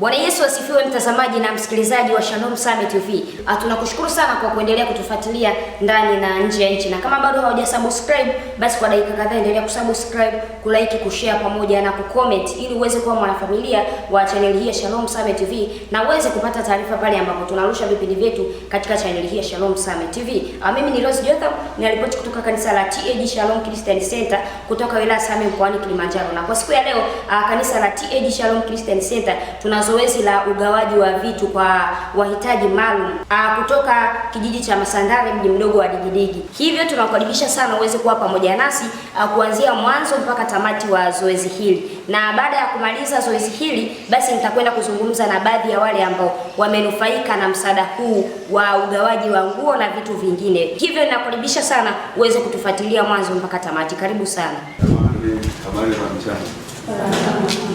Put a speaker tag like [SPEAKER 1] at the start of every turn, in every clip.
[SPEAKER 1] Bwana Yesu asifiwe, mtazamaji na msikilizaji wa Shalom Summit TV. Ah, tunakushukuru sana kwa kuendelea kutufuatilia ndani na nje ya nchi, na kama bado hauja subscribe, basi kwa dakika kadhaa endelea kusubscribe, kulike, kushare pamoja na kucomment, ili uweze kuwa mwanafamilia wa channel hii ya Shalom Summit TV na uweze kupata taarifa pale ambapo tunarusha vipindi vyetu katika channel hii ya Shalom Summit TV. Ah, mimi ni Rose Jotham, ninaripoti kutoka kanisa la TAG Shalom Christian Center kutoka wilaya Same mkoani Kilimanjaro, na kwa siku ya leo ah, kanisa la TAG Shalom Christian Center tuna zoezi la ugawaji wa vitu kwa wahitaji maalum ah, kutoka kijiji cha Masandare, mji mdogo wa Digidigi. Hivyo tunakukaribisha sana uweze kuwa pamoja nasi ah, kuanzia mwanzo mpaka tamati wa zoezi hili, na baada ya kumaliza zoezi hili, basi nitakwenda kuzungumza na baadhi ya wale ambao wamenufaika na msaada huu wa ugawaji wa nguo na vitu vingine. Hivyo ninakukaribisha sana uweze kutufuatilia mwanzo mpaka tamati. Karibu sana.
[SPEAKER 2] Habari za
[SPEAKER 3] mchana.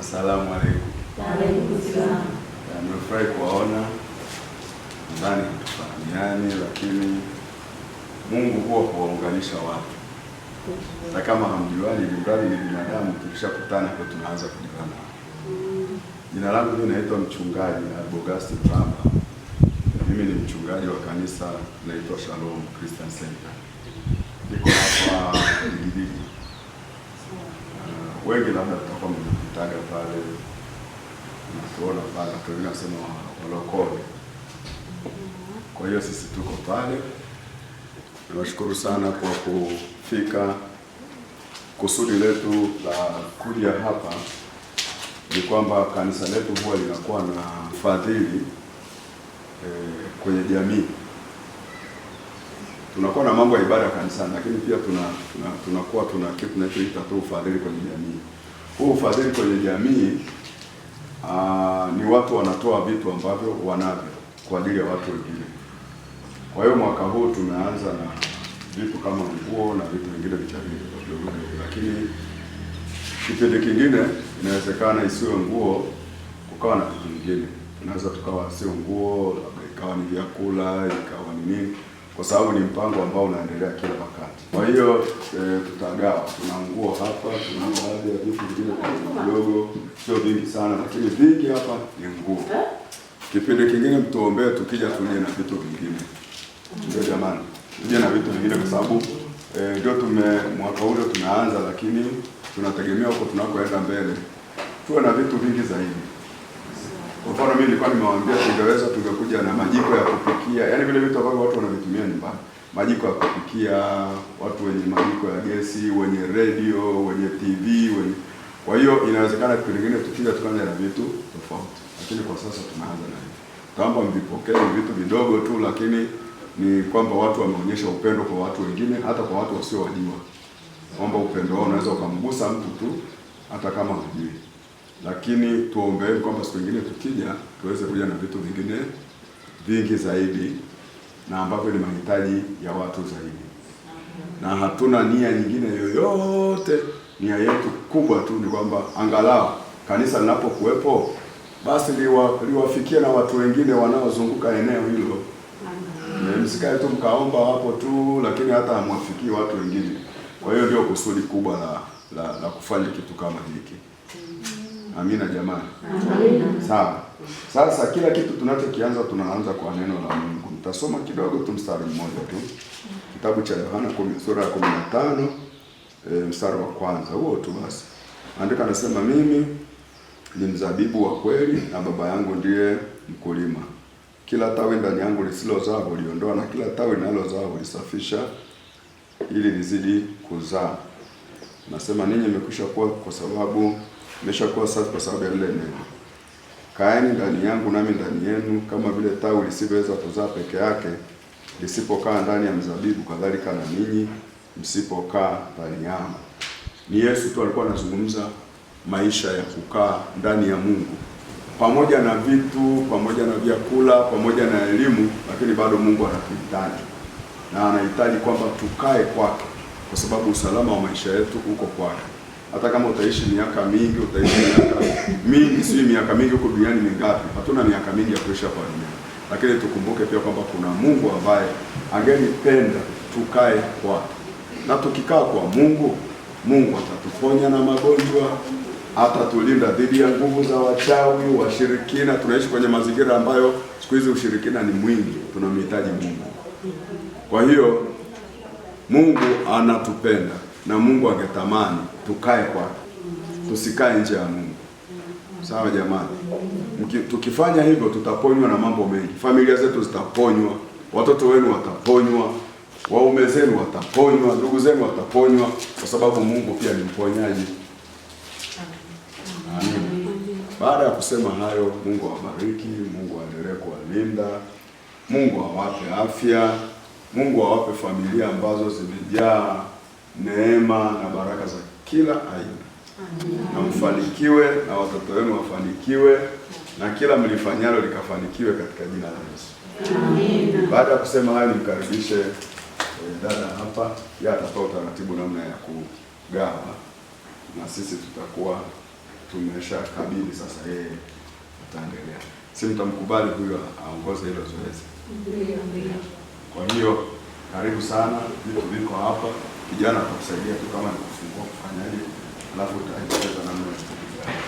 [SPEAKER 3] Asalamu alaykum.
[SPEAKER 2] Nimefurahi kuwaona ndani, kutufahamiane, lakini Mungu huwa kuwaunganisha watu na kama hamjuani, limradi ni binadamu. Tukishakutana kwa tunaanza kujuana. Jina langu mimi naitwa mchungaji Albogasti Mtamba. Mimi ni mchungaji wa kanisa naitwa Shalom Christian Center, niko hapa Digidigi wengi labda tutakuwa mmejikutaga pale natuona pale, watu wengine wasema walokole. Kwa hiyo sisi tuko pale, nawashukuru sana kwa kufika. Kusudi letu la kuja hapa ni kwamba kanisa letu huwa linakuwa na fadhili eh, kwenye jamii tunakuwa na mambo ya ibada kanisani, lakini pia tuna tunakuwa tuna kitu tunachoita tu ufadhili kwenye jamii. Huu ufadhili kwenye jamii aa, ah, ni watu wanatoa vitu ambavyo wanavyo kwa ajili ya watu wengine. Kwa hiyo mwaka huu tumeanza na vitu kama nguo na vitu vingine vichavidogo, lakini kipindi kingine inawezekana isiwe nguo, kukawa na vitu vingine, tunaweza tukawa sio nguo, labda ikawa ni vyakula, ikawa ni nini kwa sababu ni mpango ambao unaendelea kila wakati. Kwa hiyo e, tutagawa, tuna nguo hapa, tuna baadhi ya vitu vingine vidogo, sio vingi sana, lakini vingi hapa ni nguo. Kipindi kingine mtuombee, tukija tuje na vitu vingine, ndio jamani, tuje na vitu vingine kwa sababu eh, ndio e, tume mwaka ule tunaanza, lakini tunategemea huko tunakoenda mbele tuwe na vitu vingi zaidi. Kwa mfano mimi nilikuwa nimewaambia tungeweza tungekuja na majiko ya kupikia, yaani vile vitu ambavyo watu wanavitumia nyumbani, majiko ya kupikia, watu wenye majiko ya gesi, wenye redio, wenye TV, wenye kwa hiyo inawezekana kitu kingine tukija tukaanza na vitu tofauti, lakini kwa sasa tunaanza na hivi. Naomba mvipokee vitu vidogo tu, lakini ni kwamba watu wameonyesha upendo kwa watu wengine, hata kwa watu wasiowajua, kwamba upendo wao unaweza ukamgusa mtu tu hata kama hujui lakini tuombeeni kwamba siku nyingine tukija tuweze kuja na vitu vingine vingi zaidi na ambavyo ni mahitaji ya watu zaidi, na hatuna nia nyingine yoyote. Nia yetu kubwa tu ni kwamba angalau kanisa linapokuwepo basi liwa, liwafikie na watu wengine wanaozunguka eneo hilo. Eh, msikae tu mkaomba hapo tu, lakini hata hamwafikii watu wengine. Kwa hiyo ndio kusudi kubwa la, la, la kufanya kitu kama hiki. Amina jamani, sawa. Sasa kila kitu tunachokianza tunaanza kwa neno la Mungu. Nitasoma kidogo tu mstari mmoja tu, kitabu cha Yohana sura ya 15 e, mstari wa kwanza huo tu basi. Andika anasema mimi ni mzabibu wa kweli na Baba yangu ndiye mkulima. Kila tawi ndani yangu lisilozaa huliondoa na kila tawi linalozaa hulisafisha ili lizidi kuzaa. Nasema ninyi mmekwisha kuwa kwa sababu imeshakuwa safi kwa sababu ya lile neno. Kaeni ndani yangu nami ndani yenu, kama vile tawi lisivyoweza kuzaa peke yake lisipokaa ndani ya mzabibu, kadhalika na ninyi msipokaa ndani yangu. Ni Yesu tu alikuwa anazungumza maisha ya kukaa ndani ya Mungu, pamoja na vitu, pamoja na vyakula, pamoja na elimu, lakini bado Mungu anatuhitaji na anahitaji kwamba tukae kwake, kwa sababu usalama wa maisha yetu uko kwake hata kama utaishi miaka mingi, utaishi miaka mingi, si miaka mingi, huko duniani mingapi? Hatuna miaka mingi ya kuishi hapa duniani, lakini tukumbuke pia kwamba kuna Mungu ambaye angelipenda tukae kwake, na tukikaa kwa Mungu, Mungu atatuponya na magonjwa, atatulinda dhidi ya nguvu za wachawi, washirikina. Tunaishi kwenye mazingira ambayo siku hizi ushirikina ni mwingi, tunamhitaji Mungu. Kwa hiyo Mungu anatupenda na Mungu angetamani tukae kwake, tusikae nje ya Mungu. Sawa jamani, tukifanya hivyo tutaponywa na mambo mengi. Familia zetu zitaponywa, watoto wenu wataponywa, waume zenu wataponywa, ndugu zenu wataponywa, kwa sababu Mungu pia ni mponyaji. Amen. Baada ya kusema hayo, Mungu awabariki, Mungu aendelee kuwalinda, Mungu awape afya, Mungu awape familia ambazo zimejaa neema na baraka za kila aina, na mfanikiwe na watoto wenu wafanikiwe, na kila mlifanyalo likafanikiwe katika jina la Yesu. Baada ya kusema hayo, nimkaribishe eh, dada hapa, ya atatoa utaratibu namna ya kugawa, na sisi tutakuwa tumesha kabili sasa, yeye ataendelea. Si mtamkubali huyo aongoze hilo zoezi? Kwa hiyo karibu sana, vitu viko hapa kijana atakusaidia tu kama ni kufungua kufanyaje, alafu utaelekeza namna ya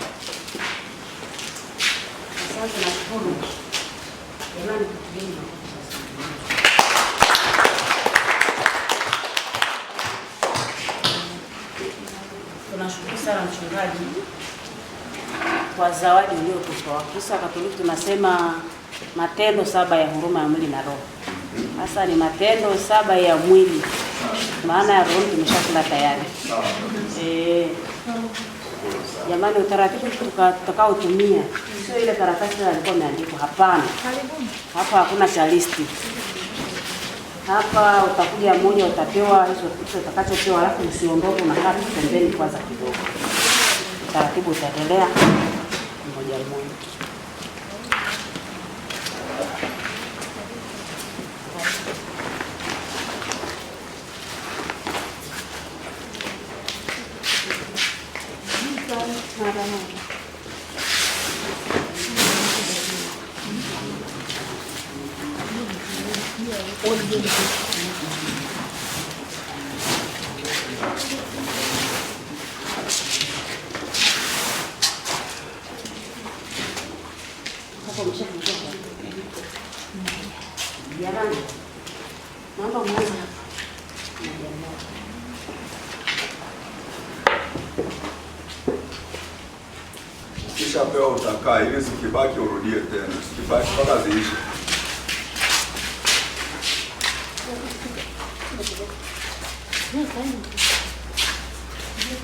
[SPEAKER 4] Tunashukuru sana mchungaji kwa zawadi uliotupa. Wakristo Katoliki tunasema matendo saba ya huruma ya mwili na roho. Sasa ni matendo saba ya mwili maana ya roho tumeshakula tayari. Eh, jamani, utaratibu tutakaotumia sio ile karatasi alikuwa imeandikwa. Hapana, hapa hakuna cha listi hapa. Utakuja moja utapewa hizo kitu utakachopewa, alafu usiondoke, unakaa pembeni kwanza kidogo. Utaratibu utaendelea mmoja mmoja. Ольга.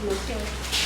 [SPEAKER 4] 么事。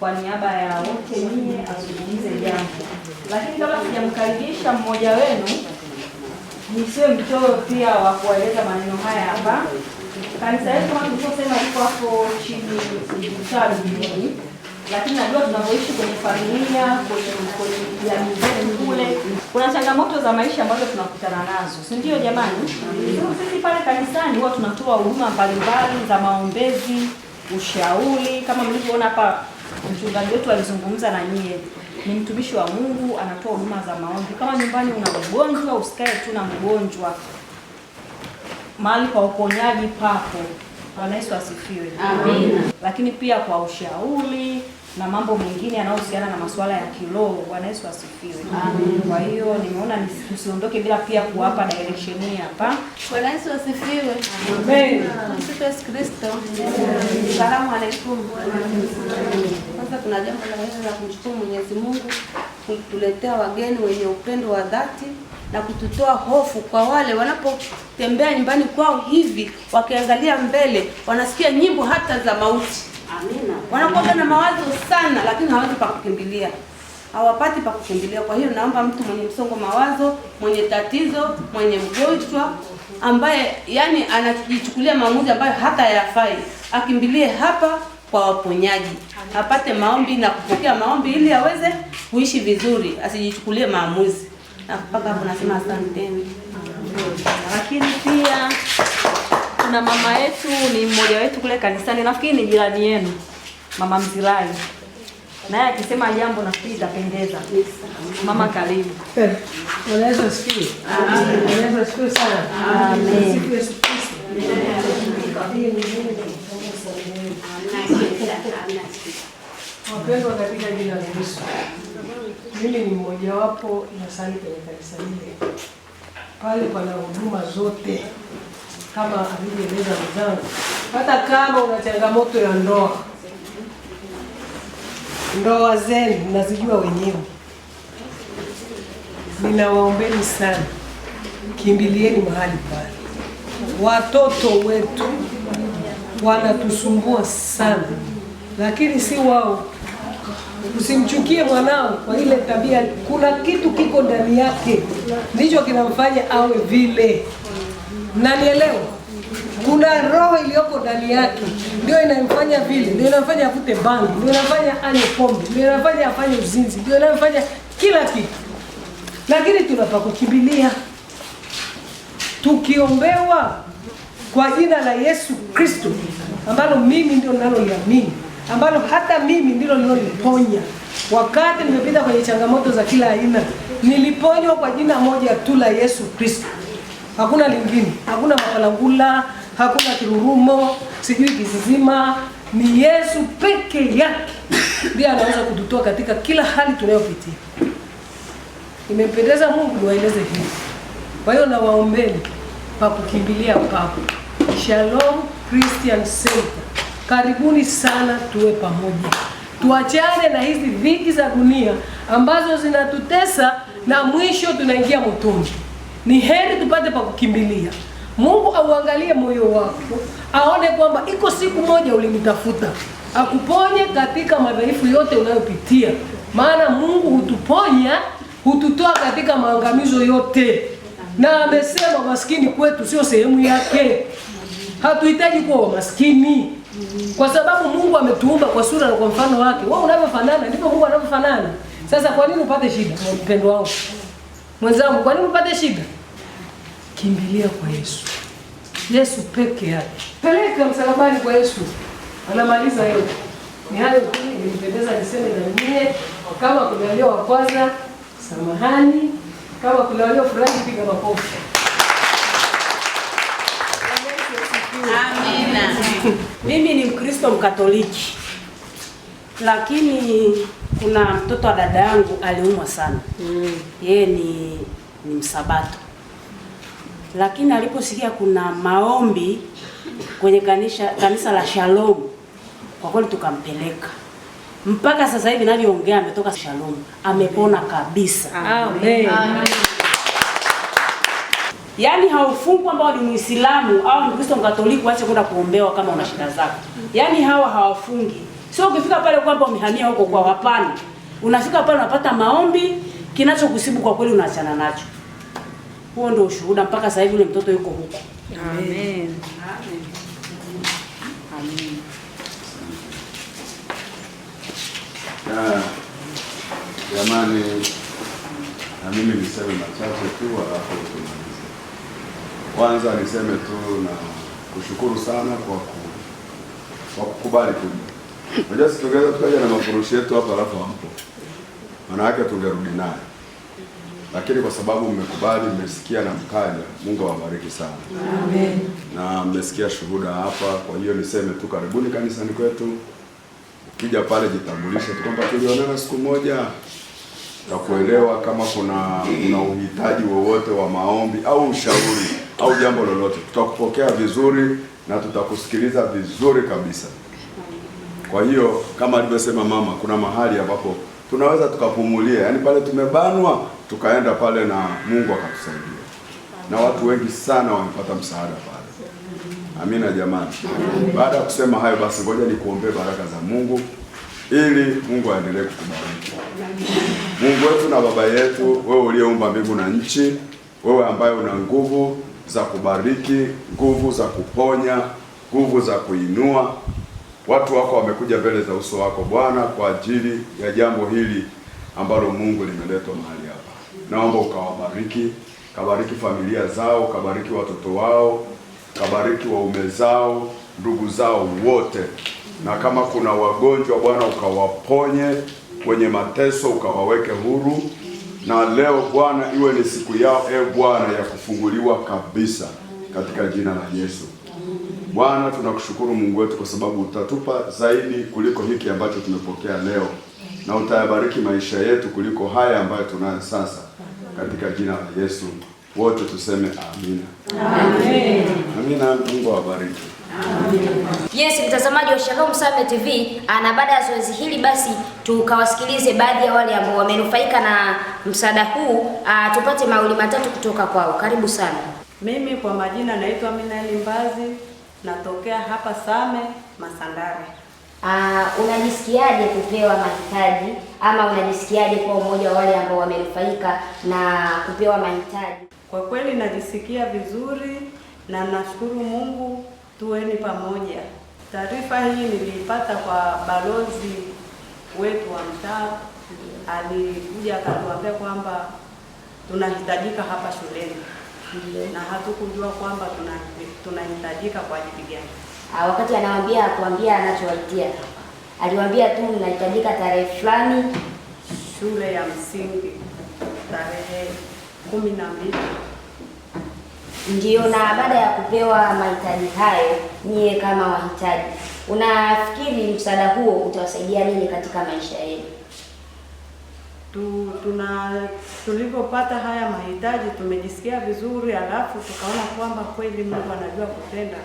[SPEAKER 5] kwa niaba ya wote nyie azungumze jambo, lakini kama sijamkaribisha mmoja wenu, nisiwe mchoyo pia wa kuwaeleza maneno haya hapa. Kanisa yetu kama tulivyosema iko hapo chini Igutaa mjini, lakini najua tunavyoishi kwenye familia, kwenye kwenye jamii zetu kule, kuna changamoto za maisha ambazo tunakutana nazo, si ndio jamani? Sisi pale kanisani huwa tunatoa huduma mbalimbali za maombezi, ushauri, kama mlivyoona hapa mchungaji wetu alizungumza na nyie, ni mtumishi wa Mungu, anatoa huduma za maombi. Kama nyumbani una mgonjwa, usikae tu na mgonjwa, mahali pa uponyaji papo. Bwana Yesu asifiwe, amina. Lakini pia kwa ushauri na mambo mengine yanayohusiana na masuala ya kiroho. Bwana Yesu asifiwe. Amen. Kwa hiyo nimeona tusiondoke bila pia kuwapa direction hii hapa.
[SPEAKER 6] Bwana Yesu asifiwe. Amen. Msifu Yesu Kristo. Salamu alaykum.
[SPEAKER 5] Sasa kuna jambo la kumshukuru Mwenyezi Mungu kutuletea wageni wenye upendo wa dhati na kututoa hofu kwa wale wanapotembea nyumbani kwao hivi, wakiangalia mbele, wanasikia nyimbo hata za mauti. Amen wanakuwa na mawazo sana, lakini hawawezi pa kukimbilia, hawapati pa kukimbilia. Kwa hiyo naomba mtu mwenye msongo mawazo, mwenye tatizo, mwenye mgonjwa ambaye yani anajichukulia maamuzi ambayo hata hayafai, akimbilie hapa kwa waponyaji, apate maombi na kupokea maombi ili aweze kuishi vizuri, asijichukulie maamuzi. Mpaka hapo nasema asanteni. Lakini pia kuna mama yetu, ni mmoja wetu kule kanisani, nafikiri ni jirani yenu Mama Mzirai naye akisema jambo nafikiri itapendeza. Mama karibu.
[SPEAKER 7] Eh, Wapendwa katika jina la Yesu, mimi ni mmojawapo nasali kwenye kanisa lile, pale pana huduma zote kama alivyoeleza mzangu. Hata kama una changamoto ya ndoa ndoa zenu nazijua wenyewe. Ninawaombeni sana, kimbilieni mahali pale. Watoto wetu wanatusumbua sana, lakini si wao. Usimchukie mwanao kwa ile tabia, kuna kitu kiko ndani yake ndicho kinamfanya awe vile. Nanielewa? kuna roho iliyopo ndani yake, ndio inamfanya vile, ndio inamfanya avute bangi, ndio inamfanya anywe pombe, ndio inamfanya afanye uzinzi, ndio inamfanya kila kitu. Lakini tunapa kukimbilia tukiombewa kwa jina la Yesu Kristo, ambalo mimi ndio naloliamini ambalo hata mimi ndilo ninaloliponya. Wakati nimepita kwenye changamoto za kila aina, niliponywa kwa jina moja tu la Yesu Kristo, hakuna lingine, hakuna makalangula hakuna kirurumo, sijui kizizima. Ni Yesu peke yake ndiye anaweza kututoa katika kila hali tunayopitia. Imempendeza Mungu niwaeleze hivi. Kwa hiyo nawaombeni pa kukimbilia papo Shalom Christian Center. Karibuni sana, tuwe pamoja, tuachane na hizi dhiki za dunia ambazo zinatutesa na mwisho tunaingia motoni. Ni heri tupate pa kukimbilia. Mungu auangalie moyo wako, aone kwamba iko siku moja ulimtafuta, akuponye katika madhaifu yote unayopitia, maana Mungu hutuponya, hututoa katika maangamizo yote, na amesema maskini kwetu sio sehemu yake. Hatuhitaji kuwa wamaskini kwa sababu Mungu ametuumba kwa sura na kwa mfano wake. Wewe unavyofanana ndivyo Mungu anavyofanana. Sasa kwa nini upate shida mpendwa wangu mwenzangu? Kwa nini upate shida? Kimbilia kwa Yesu, Yesu peke yake. Peleka msalabani kwa Yesu, anamaliza yote. Ni hayo tu nilipendeza niseme na nyie. Kama kuna walio wa kwanza, samahani. Kama kuna walio furahi, piga makofi.
[SPEAKER 3] Amina.
[SPEAKER 5] Mimi ni Mkristo Mkatoliki, lakini kuna mtoto wa dada yangu aliumwa sana. Mm. Yeye ni, ni Msabato lakini aliposikia kuna maombi kwenye kanisa, kanisa la Shalom kwa kweli tukampeleka mpaka sasa hivi navyoongea ametoka Shalom, amepona kabisa.
[SPEAKER 3] Amen. Amen.
[SPEAKER 5] Yaani haufungwi kwamba ni Muislamu au ni Mkristo Mkatoliki waache kwenda kuombewa kama una shida zako. Yaani hawa hawafungi, sio ukifika pale kwamba umehamia huko kwa, hapana. Unafika pale unapata maombi, kinachokusibu kwa kweli unaachana nacho. Huo ndio ushuhuda mpaka sasa hivi yule mtoto yuko huko.
[SPEAKER 3] Amen. Amen. Amen.
[SPEAKER 2] Ah, jamani, na mimi niseme machache tu alafu tumalize. Kwanza niseme tu na kushukuru sana kwa ku, kwa kukubali kuja. Unajua si tungeweza tukaja na mafurushi yetu hapa alafu hapo. Maana yake tungerudi naye lakini kwa sababu mmekubali, mmesikia na mkaja, Mungu awabariki sana Amen. Na mmesikia shuhuda hapa, kwa hiyo niseme tu karibuni kanisani kwetu. Ukija pale jitambulishe tu kwamba tulionana siku moja, kuelewa kama kuna una uhitaji wowote wa maombi au ushauri au jambo lolote, tutakupokea vizuri na tutakusikiliza vizuri kabisa. Kwa hiyo kama alivyosema mama, kuna mahali ambapo tunaweza tukapumulia, yaani pale tumebanwa tukaenda pale na Mungu akatusaidia na watu wengi sana wamepata msaada pale. Amina jamani. Baada ya kusema hayo, basi ngoja nikuombee baraka za Mungu ili Mungu aendelee kukubariki. Mungu wetu na Baba yetu, wewe uliyeumba mbingu na nchi, wewe ambaye una nguvu za kubariki, nguvu za kuponya, nguvu za kuinua, watu wako wamekuja mbele za uso wako Bwana kwa ajili ya jambo hili ambalo Mungu limeletwa mahali hapa naomba ukawabariki, kabariki familia zao, kabariki watoto wao, kabariki waume zao, ndugu zao wote, na kama kuna wagonjwa Bwana ukawaponye, wenye mateso ukawaweke huru, na leo Bwana iwe ni siku yao, e Bwana, ya kufunguliwa kabisa katika jina la Yesu. Bwana, tunakushukuru Mungu wetu kwa sababu utatupa zaidi kuliko hiki ambacho tumepokea leo, na utayabariki maisha yetu kuliko haya ambayo tunayo sasa katika jina la Yesu. Wote tuseme amina.
[SPEAKER 3] Amen.
[SPEAKER 2] Amina, Mungu awabariki.
[SPEAKER 3] Amen.
[SPEAKER 1] Yes, mtazamaji wa Shalom Same TV, na baada ya zoezi hili basi tukawasikilize baadhi ya wale ambao wamenufaika na msaada huu, a, ah, tupate mauli matatu kutoka kwao. Karibu sana.
[SPEAKER 8] Mimi kwa majina naitwa Amina mbazi natokea hapa Same Masandare.
[SPEAKER 9] Uh, unajisikiaje kupewa mahitaji ama unajisikiaje kuwa umoja wa wale ambao wamenufaika na kupewa mahitaji?
[SPEAKER 8] Kwa kweli najisikia vizuri na nashukuru Mungu, tuweni pamoja. Taarifa hii niliipata kwa balozi wetu wa mtaa, alikuja akatuambia kwamba tunahitajika hapa shuleni, na hatukujua kwamba tunahitajika kwa ajili gani.
[SPEAKER 9] Ah, wakati anawambia akuambia anachowaitia aliwaambia tu nahitajika tarehe fulani,
[SPEAKER 8] shule ya msingi tarehe kumi na mbili
[SPEAKER 9] ndio Na baada ya kupewa mahitaji hayo, nyie kama wahitaji, unafikiri msaada huo utawasaidia nini katika maisha yenu?
[SPEAKER 8] Tu, tuna tulipopata haya mahitaji tumejisikia vizuri, alafu tukaona kwamba kweli Mungu anajua kutenda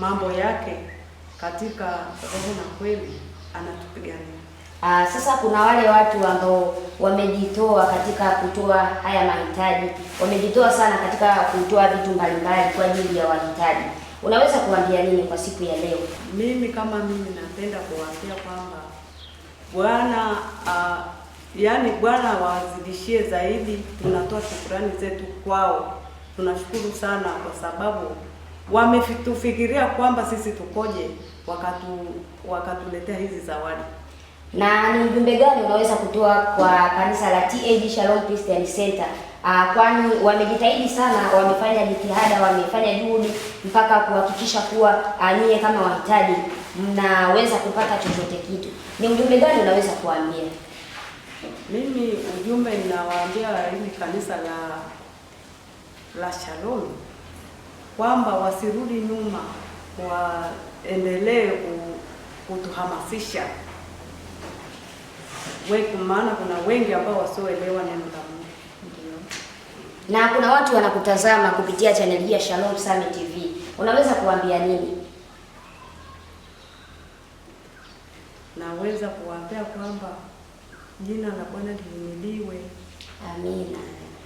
[SPEAKER 8] mambo yake katika roho na kweli anatupigania.
[SPEAKER 9] Aa, ah, sasa kuna wale watu ambao wamejitoa katika kutoa haya mahitaji, wamejitoa sana katika kutoa vitu mbalimbali kwa ajili ya wahitaji. Unaweza kuambia nini kwa siku ya leo?
[SPEAKER 8] Mimi kama mimi napenda kuwaambia kwamba Bwana ah, yaani Bwana awazidishie zaidi. Tunatoa shukurani zetu kwao, tunashukuru sana kwa sababu wametufikiria kwamba sisi tukoje, wakatu wakatuletea hizi zawadi.
[SPEAKER 9] Na ni ujumbe gani unaweza kutoa kwa kanisa la TAG Shalom Christian Center? Uh, kwani wamejitahidi sana, wamefanya jitihada, wamefanya juhudi mpaka kuhakikisha kuwa uh, ah, nyie kama wahitaji mnaweza kupata chochote kitu. Ni ujumbe gani unaweza kuambia
[SPEAKER 8] Mimi ujumbe ninawaambia hili kanisa la la Shalom kwamba wasirudi nyuma, waendelee kutuhamasisha maana kuna wengi ambao wasioelewa neno la Mungu.
[SPEAKER 9] Na kuna watu wanakutazama kupitia chaneli hii ya Shalom Sami TV, unaweza kuambia nini?
[SPEAKER 8] Naweza kuwaambia kwamba jina la Bwana lihimidiwe. Amina.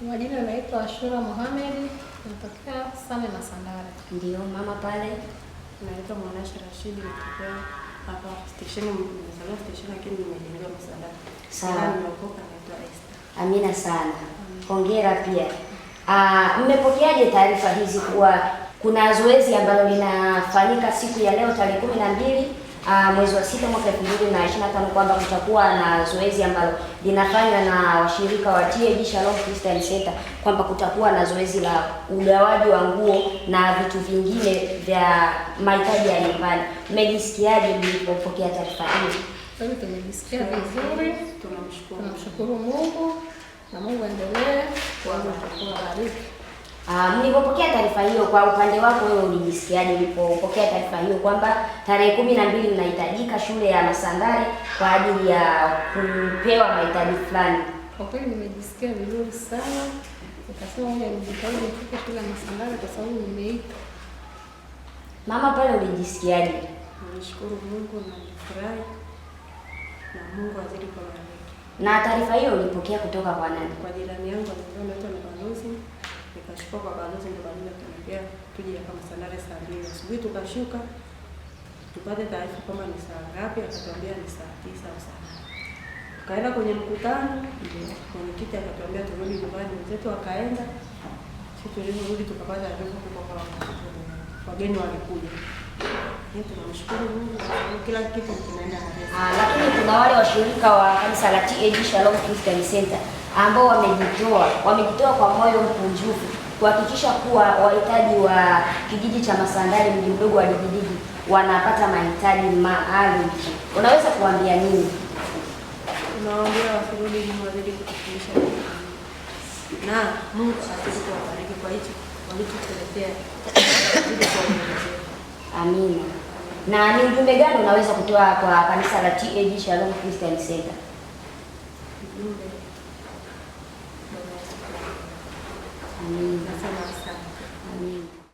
[SPEAKER 8] Majina anaitwa Ashura Mohamed Natokea Same Masandara.
[SPEAKER 9] Ndio mama pale,
[SPEAKER 8] naitwa Mwanasha Rashidi, natokea hapa stesheni Mzalendo stesheni, lakini nimejengwa Masandara. Sawa, nimeokoka. Naitwa Esther.
[SPEAKER 9] Amina sana, hongera pia. Ah, mmepokeaje taarifa hizi kuwa kuna zoezi ambalo linafanyika siku ya leo tarehe kumi na mbili uh, mwezi wa sita mwaka na tano kwamba kutakuwa na zoezi ambalo linafanywa na washirika wa TAG Shalom Christian Center kwamba kutakuwa na zoezi la ugawaji wa nguo na vitu vingine vya mahitaji ya nyumbani. Mmejisikiaje mlipopokea taarifa hiyo?
[SPEAKER 8] Sasa tumejisikia vizuri, tunamshukuru Mungu na Mungu endelee kubariki.
[SPEAKER 9] Mlipopokea ah, taarifa hiyo, kwa upande wako wewe ulijisikiaje ulipopokea taarifa hiyo kwamba tarehe kumi na mbili mnahitajika shule ya masandare kwa ajili ya kupewa mahitaji fulani?
[SPEAKER 8] Kwa kweli nimejisikia vizuri sana, nikasema moja nijitahidi nifike shule ya Masangare kwa sababu nimeita.
[SPEAKER 9] Mama pale ulijisikiaje?
[SPEAKER 8] Nashukuru Mungu na nifurahi na Mungu azidi kubariki.
[SPEAKER 9] Na taarifa hiyo ulipokea kutoka kwa nani?
[SPEAKER 8] Kwa jirani yangu anaitwa Balozi nikashuka kwa balozi, ndo balozi akaniambia tuje kama saa saa mbili asubuhi. Tukashuka tupate taarifa kwamba ni saa ngapi, akatuambia ni saa tisa au saa nane. Tukaenda kwenye mkutano, mwenyekiti akatuambia turudi nyumbani, wenzetu wakaenda. Si tulivyorudi tukapata taarifa kutoka kwa wageni walikuja. Tunamshukuru Mungu kila kitu kinaenda.
[SPEAKER 9] Ah, lakini kuna wale washirika wa kanisa la TAG Shalom Christian Center ambao wamejitoa wamejitoa kwa moyo mkunjufu kuhakikisha kuwa wahitaji wa kijiji cha Masandari, mji mdogo wa Digidigi, wanapata mahitaji maalum. Unaweza kuambia nini?
[SPEAKER 8] Unawaambia wasirudi nyuma zaidi kutufundisha na Mungu azidi kuwabariki kwa hicho walichotelekea.
[SPEAKER 9] Amina. Na ni ujumbe gani unaweza kutoa kwa kanisa la TAG Shalom Christian Center? Ujumbe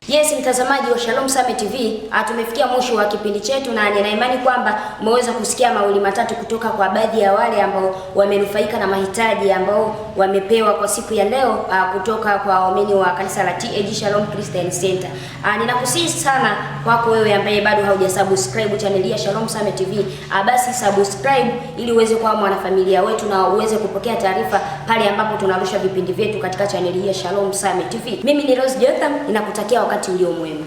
[SPEAKER 1] Yes, mtazamaji wa Shalom Same TV, ah, tumefikia mwisho wa kipindi chetu na nina imani kwamba umeweza kusikia mauli matatu kutoka kwa baadhi ya wale ambao wamenufaika na mahitaji ambao wamepewa kwa siku ya leo uh, kutoka kwa waumini wa kanisa la TAG Shalom Christian Center. Uh, ninakusihi sana kwako wewe ambaye bado haujasubscribe chaneli ya Shalom Same TV, uh, basi subscribe ili uweze kuwa mwanafamilia wetu na uweze kupokea taarifa pale ambapo tunarusha vipindi vyetu katika chaneli hii ya Shalom Same TV. Mimi ni Rose Jotham, ninakutakia wakati ulio mwema.